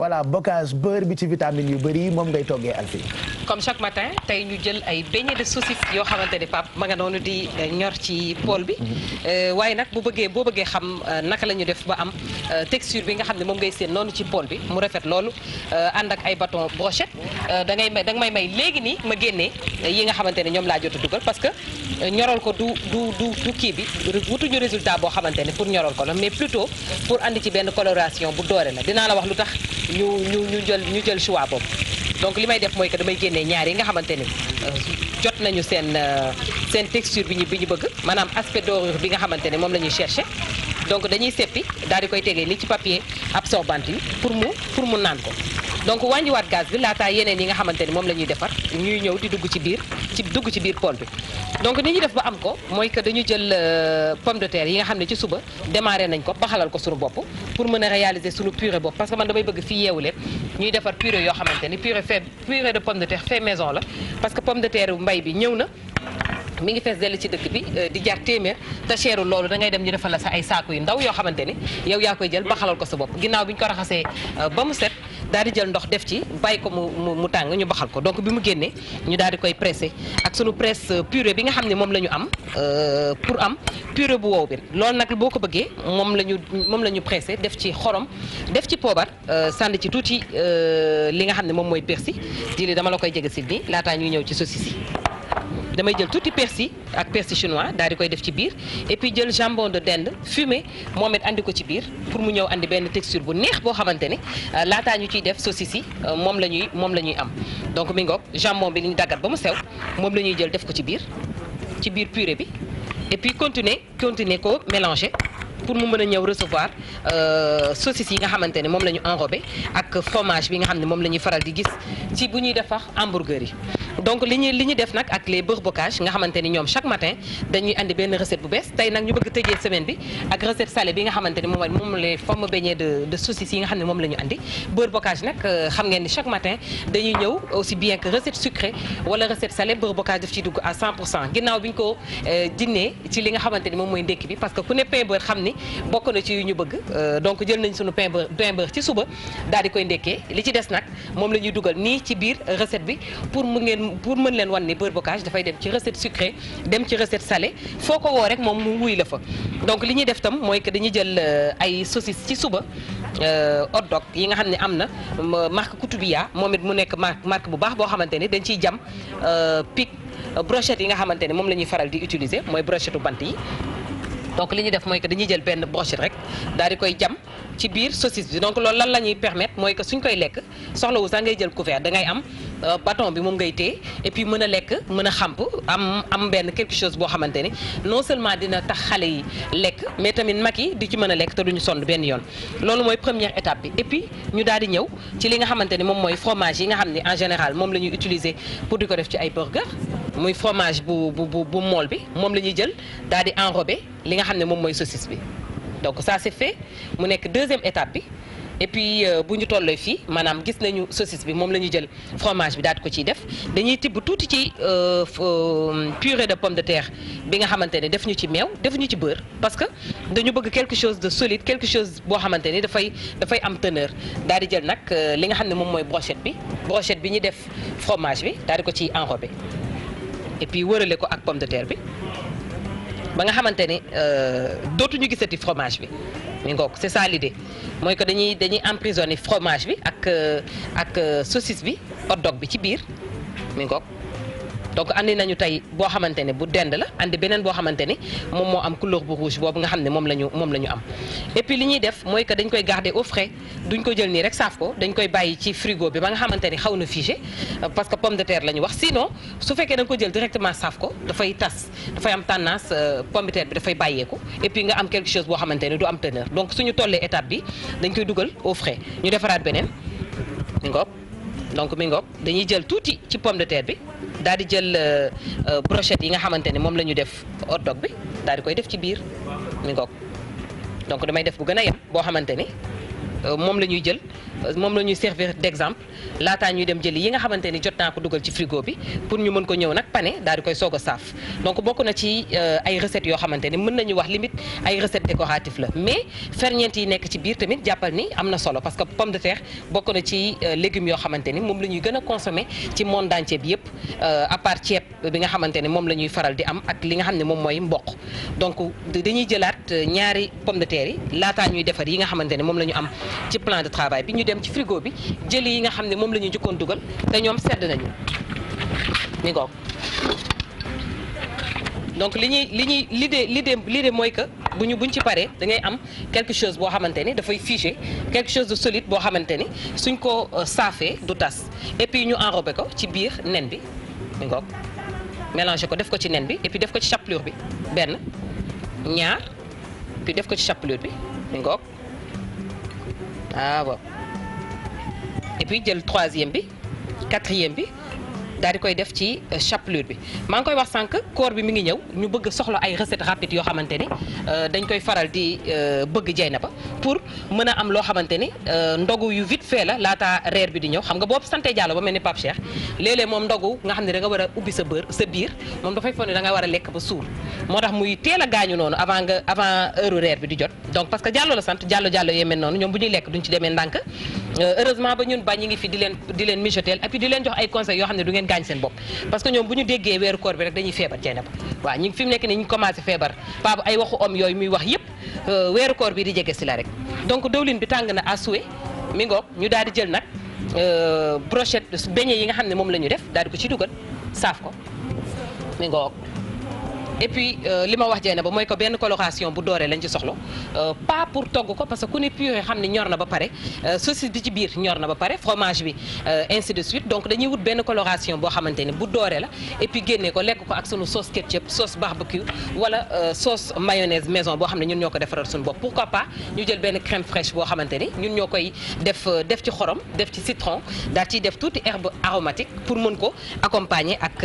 voilà bocage beurre bi ci vitamines yu bëri moom ngay toggee Alphie comme chaque matin tey ñu jël ay beignets de saucisse yoo xamante ni pap ma nga noonu di eh, ñor ci pool bi mm-hmm. eh, waaye nag bu bëggee boo bëggee xam eh, naka la ñu def ba am texture bi nga xam ne moom ngay seen noonu ci pool bi mu rafet loolu ànd ak ay baton brochette da may da may may léegi nii ma génnee yi nga xamante ne ñoom laa jot a dugal parce que ñoral ko du du du kii bi wutuñu résultat boo xamante ne pour ñorool ko la mais plutôt pour indi ci benn coloration bu doore la dinaa la wax lu tax ñu ñu ñu jël ñu jël choix boobu donc li may def mooy que damay génnee ñaar yi nga xamante ne euh, jot nañu seen euh, seen texture bi ñu bi ñu bëgg maanaam aspect dorure bi nga xamante ne moom la ñuy cherché donc dañuy seppi daal di koy tegee li ci papier absorbant yi pour mu pour mu naan ko donc wàññiwaat gaz bi laataa yeneen yi nga xamante ni moom la ñuy defar ñuy ñëw di dugg ci biir ci dugg ci biir pont bi donc ni ñuy def ba am ko mooy que dañu jël euh, pomme de terre yi nga xam ne ci suba démarré nañ ko ba xalal ko suñu bopp pour mën a réaliser suñu purée bopp parce que man damay bëgg fii yeewu lépp ñuy defar purée yoo xamante ni purée fait purée de pomme de terre fait maison la parce que pomme de terre mbay bi ñëw na mi ngi fees dell ci dëkk bi euh, di jar téeméer te seerul loolu da ngay dem ñu defal sa ay saaku yu ndaw yoo xamante ni yow yaa koy jël baxalal ko sa bopp ginnaaw bi ñu ko raxasee euh, ba mu set daal di jël ndox def ci bàyyi ko mu mu tàng ñu baxal ko donc bi mu génnee ñu daal di koy pressé ak sunu presse euh, pure bi nga xam ne moom la ñu am euh, pour am pure bu wow bi loolu nag boo ko bëggee moom la ñu moom la ñu pressé def ci xorom def ci poobar euh, sànni ci tuuti li nga xam ne moom mooy persil di dama la koy jege si nii laataa ñuy ñëw ci saucisse yi damay jël tuuti persil ak persil chinois daal di koy def ci biir et puis jël jambon de dinde fume moom it andi ko ci biir pour mu ñëw andi benn texture bu neex boo xamante ne euh, laataa ñu ciy def saucisse euh, moom la ñuy moom la ñuy am donc mi ngoog jambon bi li ñu daggat ba mu sew moom la ñuy jël def ko ci biir ci biir purée bi et puis continuer continuer ko mélanger pour mu mën a ñëw recevoir euh, saucisse yi nga xamante moom la ñu enrobé ak fromage bi nga xam ne moom la ñuy faral di gis ci bu ñuy defar hamburger yi. donc li ñu def nag ak les beurre bocage nga xamante ni ñoom chaque matin dañuy andi benn recette bu bees tey nag euh, xam ngeen chaque matin dañuy ñëw aussi bien que recette sucrée wala recette salée beurre bocage daf ciy dugg à 100 pour cent ginnaaw bi ñu ko euh, jinnee ci li nga xamante moom mooy ndékki bi parce que ku ne pain bokk na ci yu ñu bëgg euh, donc jël nañ suñu pain beurre pain ci suba daal di koy ndekkee li ci des nag moom la ñuy dugal nii ci biir recette bi pour mu ngeen pour mën leen wan ni beurre bocage dafay dem ci recette sucrée dem ci recet salée foo ko woo rek moom mu wuy la fa donc li ñuy def tam mooy que dañuy jël euh, ay saucisse ci suba euh, hot dog yi nga xam ne am na marque Coutubia moom it mu nekk marque marque bu baax boo xamante ni dañ ciy jam pic brochette yi nga xamante ne moom la ñuy faral di utiliser mooy brochette u bant yi donc li ñuy def mooy que dañuy jël benn brochette rek daal di koy jam ci biir saucisse bi donc lool lan la ñuy permettre mooy que suñ koy lekk soxlawu sax ngay jël couvert dangay am Euh, bâton bi moom ngay téye et puis mën a lekk mën a xamp am am benn quelque chose boo xamante ni non seulement dina tax xale yi lekk mais tamit mag yi di ci mën a lekk te ñu sonn benn yoon loolu mooy première étape bi et ñu daal di ñëw ci li nga xamante ni moom mooy fromage yi nga xam ne en général moom la ñuy utiliser pour di ko def ci ay burger muy fromage bu bu bu bu mool bi moom la ñuy jël daal di enrober li nga xam ne moom mooy saucisse bi donc ça c'est mu nekk deuxième étape bi et puis euh, bu ñu tollee fii maanaam gis nañu saucisse bi moom la ñu jël fromage bi daat ko ciy def dañuy tibb tuuti ci euh, euh, purée de pomme de terre bi nga xamante ne def ñu ci meew def ñu ci beurre parce que dañu bëgg quelque chose de solide quelque chose boo xamante ni dafay dafay am teneur daal di jël nag li nga xam ne moom mooy brochette bi brochette bi ñu def fromage bi daal di ko ciy enrobé et puis wërale ko ak pomme de terre bi ba nga xamante ni euh, dootuñu gisati fromage bi mi ngoog c'est ça l'idée mooy que dañuy dañuy emprisonner fromage bi ak euh, ak euh, saucisse bi hot bi ci biir mi ngoog donc andi nañu tey boo xamante ne bu dend la andi beneen boo xamante ne moom moo am couleur bu rouge boobu nga xam ne moom lañu moom lañu am. et li ñuy def mooy que dañ koy garder au frais duñ ko jël nii rek saaf ko dañ koy bàyyi ci frigo bi ba nga xamante ne xaw na figé parce que pomme de terre la ñu wax sinon su fekkee da nga ko jël directement saaf ko dafay tas dafay am tendance euh, pomme de terre bi dafay bàyyeeku et puis nga am quelque chose boo xamante ne du am teneur donc suñu tollee bi dañ koy dugal au frais ñu defaraat beneen mi ngoog donc mi dañuy jël tuuti ci pomme de terre bi. daal di jël euh, euh, brochette yi nga xamante ne moom lañu ñu def hot bi daal di koy def ci biir mi ngoog donc damay def bu gën a yem boo xamante ni Euh, moom la ñuy jël euh, moom la ñuy servir d'exemple laataa ñuy dem jëli yi nga xamante ni jot naa ko dugal ci frigo bi pour ñu mën ko ñëw nag pané daal di koy soog a saaf donc bokk na ci euh, ay recettes yoo xamante ni mën nañu wax limite ay recettes décoratives la mais ferñeent yi nekk ci biir tamit jàppal ni am na solo parce que pomme de terre bokk na ci légumes yoo xamante ni moom la ñuy gën a consommer ci monde entier bi yëpp à part ceeb bi nga xamante ni moom la ñuy faral di am ak li nga xam ne moom mooy mboq donc dañuy jëlaat ñaari pomme de terre yi laataa ñuy defar yi nga xamante ni moom la ñu am ci plan de travail bi ñu dem ci frigo bi jëli yi nga xam ne moom la ñu njëkkoon dugal te ñoom sedd nañu mi ngoog donc li ñuy li ñuy l'idée l'idée l'idée mooy que bu ñu buñ ci paree da am quelque chose boo xamante ni dafay figé quelque chose de solide boo xamante ni suñ ko euh, saafee du tas et puis ñu enrobé ko ci biir nen bi mi ngoog mélangé ko def ko ci nen bi et def ko ci chapelure bi benn ñaar puis def ko ci chapelure bi mi ngoog ah waaw et jël troisième bi quatrième bi daal di koy def ci euh, chapelure bi maa ngi koy wax sànq koor bi mi ngi ñëw ñu bëgg soxla ay recette rapide yoo xamante ni euh, dañ koy faral di euh, bëgg jey na ba pour mën a am loo xamante ni ndogu yu vite fait la laata reer bi di ñëw xam nga boobu sante jàllo ba mel ni Pape Cheikh léeg-léeg moom ndogu nga xam ne da nga war a ubbi sa bër sa biir moom dafay foog ne da nga war a lekk ba suur moo tax muy teel a gaañu noonu avant nga avant heure reer bi di jot donc parce que jàllo la sant jàllo jàllo yee mel noonu ñoom bu ñuy lekk duñ ci demee ndànk euh, heureusement ba ñun ba ñi ngi fi leen di leen mijoteel et leen jox ay conseils yoo xam ne du ngeen gaañ seen bopp parce que ñoom bu ñu déggee weeru koor bi rek dañuy feebar Jeynaba waaw ñu ngi fi mu nekk nii ñu commencé feebar Pape ay waxu om yooyu muy wax yëpp euh, weeru koor bi di jege si la rek donc dawlin bi tàng na à souhait mi ngoog ñu daal di jël nag euh, brochette beignet yi nga xam ne moom la ñu def daal di ko ci dugal saaf ko mi ngoog et puis euh, li ma wax jeene ba mooy ko benn coloration bu dooree lañ ci soxla euh, pas pour togg ko parce que ku ne purée xam ne ñor na ba pare euh, saucisse bi ci biir ñor na ba pare fromage bi ainsi de suite donc dañuy wut benn coloration boo xamante ne bu dooree la et génnee ko lekk ko ak sunu sauce ketchup sauce barbecue wala sauce mayonnaise maison boo xam ne ñun ñoo ko defaral suñu bopp pourquoi pas ñu jël benn crème fraîche boo xamante ni ñun ñoo koy def def ci xorom def ci citron daal ciy def tuuti herbe aromatique pour mën ko accompagner ak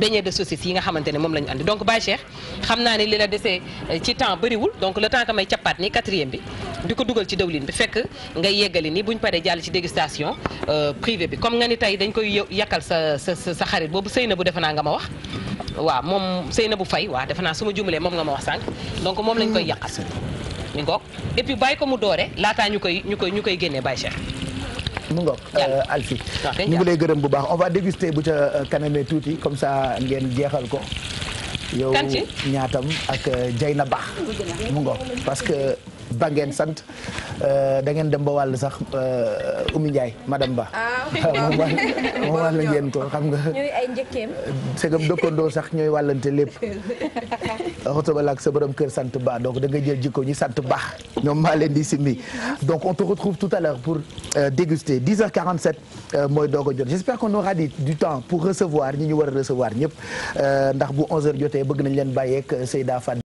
beignet de saucisse yi ne moom lañu ànd donc Baye Cheikh xam naa ni li la desee euh, ci temps bariwul donc le temps que may cappaat ni quatrième bi di ko dugal ci dawlin bi fekk ngay yeggali nii buñ paree jàll ci dégustation euh, privée bi comme nga ni tey dañ koy yàkkal sa sa xarit boobu sëy na bu defe naa nga ma wax waaw moom sëy na bu fay waa defe naa su ma jumalee moom nga ma wax sànq donc moom lañ koy hmm. yàqal mi ngoog et puis bàyyi ko mu doore laataa ñu koy ñu koy ñu koy génnee Baye Cheikh mu ngoog euh, Alfi ñu ngi lay gërëm bu baax on va déguster bu ca tuuti comme ça ngeen jeexal ko yow ñaatam ak euh, Jayna Ba mu ngoog parce que ba ngeen sant euh, da ngeen dem ba wàll sax euh, Oumy Ndiaye madame Ba. Ah, moom wàll moom wàll ngeen ko xam nga. ñooy ay njëkkeem. dëkkandoo sax ñooy wàllante lépp. xotobal ak sa borom kër sant Ba donc da nga jël jikko ñi sant Ba ñoom maa leen di simbi donc on te retrouve tout à l'heure pour euh, déguster 10h47 mooy doog a jot j'espère qu'on aura du temps pour recevoir ñi ñu war a recevoir ñëpp ndax bu 11h jotee bëgg nañ leen sey Seyda Fane.